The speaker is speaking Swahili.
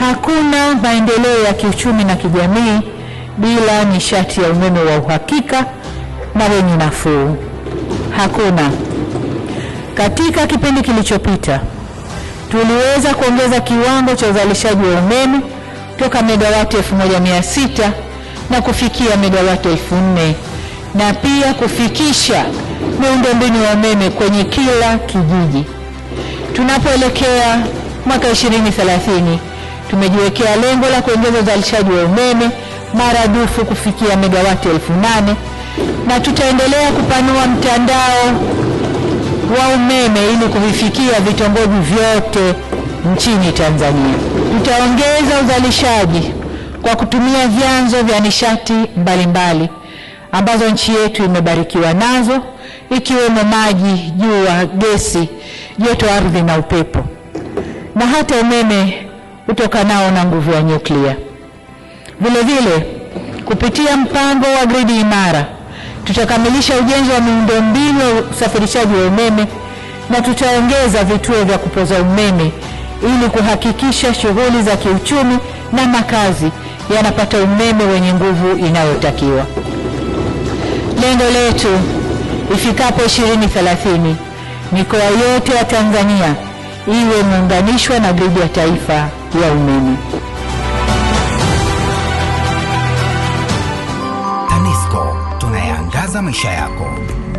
Hakuna maendeleo ya kiuchumi na kijamii bila nishati ya umeme wa uhakika na wenye nafuu. Hakuna. Katika kipindi kilichopita tuliweza kuongeza kiwango cha uzalishaji wa umeme toka megawati sita na kufikia megawati nne na pia kufikisha miundombinu ya umeme kwenye kila kijiji. Tunapoelekea mwaka thelathini Tumejiwekea lengo la kuongeza uzalishaji wa umeme maradufu kufikia megawati elfu nane na tutaendelea kupanua mtandao wa umeme ili kuvifikia vitongoji vyote nchini Tanzania. Tutaongeza uzalishaji kwa kutumia vyanzo vya nishati mbalimbali ambazo nchi yetu imebarikiwa nazo ikiwemo maji, jua, gesi, joto ardhi na upepo na hata umeme utokanao na nguvu ya nyuklia. vile vile kupitia mpango wa gridi imara tutakamilisha ujenzi wa miundombinu ya usafirishaji wa umeme na tutaongeza vituo vya kupoza umeme ili kuhakikisha shughuli za kiuchumi na makazi yanapata umeme wenye nguvu inayotakiwa. Lengo letu ifikapo 2030 mikoa yote ya Tanzania iwe imeunganishwa na gridi ya taifa ya umeme. TANESCO tunayaangaza maisha yako.